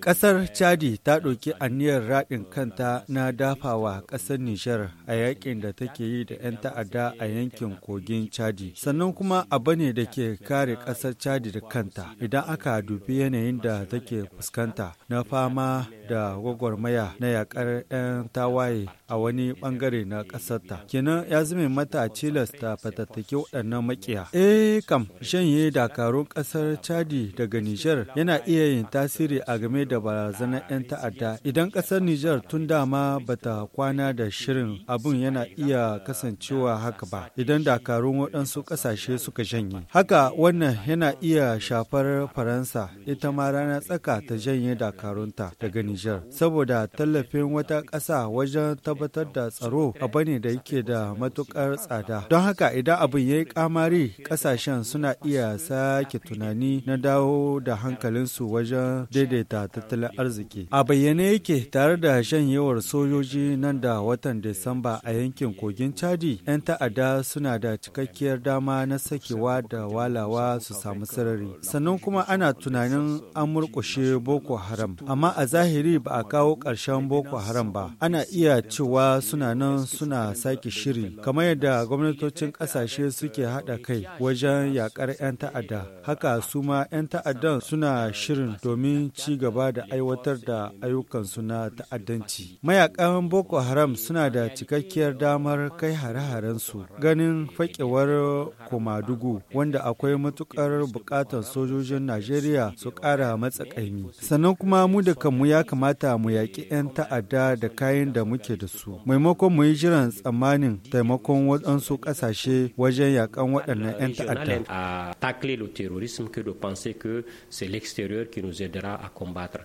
Ƙasar Chadi ta ɗauki aniyar raɗin kanta na dafawa ƙasar Nijar a yakin da take yi da 'yan ta'adda a yankin kogin Chadi. Sannan kuma abu ne da ke kare ƙasar Chadi da kanta idan aka dubi yanayin da take fuskanta na fama da gwagwarmaya na yakar 'yan tawaye a wani bangare na ƙasar ta. Kenan ya zame mata cilasta fatattaki waɗannan makiya. Eh kam, shanye dakarun ƙasar Chadi daga Nijar yana iya yin tasiri a game da barazanar 'yan ta'adda. Idan ƙasar Nijar tun dama bata kwana da shirin abun yana iya kasancewa haka ba idan dakarun waɗansu ƙasashe suka janye. Haka wannan yana iya shafar Faransa ita ma rana tsaka ta janye dakarunta daga Nijar. Saboda tallafin wata ƙasa wajen tabbatar da tsaro abu ne da yake da matuƙar tsada. Don haka idan abun ya yi ƙamari ƙasashen suna iya sake tunani na dawo da hankalinsu wajen daidaita tattalin arziki. A bayyane yake tare da shanyewar sojoji nan da watan Disamba a yankin kogin Chadi, 'yan ta'adda suna da cikakkiyar dama na sakewa da walawa su samu sarari. Sannan kuma ana tunanin an murkushe Boko Haram, amma a zahiri ba a kawo ƙarshen Boko Haram ba. Ana iya cewa suna nan suna sake shiri, kamar yadda gwamnatocin ƙasashe suke haɗa kai wajen yaƙar 'yan ta'adda. Haka su ma 'yan ta'addan suna shirin domin ci gaba da aiwatar da ayyukansu na ta'addanci. Mayakan Boko Haram suna da cikakkiyar damar kai hare-harensu ganin fakewar Komadugu wanda akwai matukar bukatar sojojin Najeriya su ƙara matsakaimi. Sannan kuma mu da kanmu ya kamata mu yaƙi 'yan ta'adda da kayan da muke da su. Maimakon mu yi jiran tsammanin taimakon waɗansu ƙasashe wajen yaƙan waɗannan 'yan ta'adda. c'est que c'est l'extérieur qui nous aidera à combattre.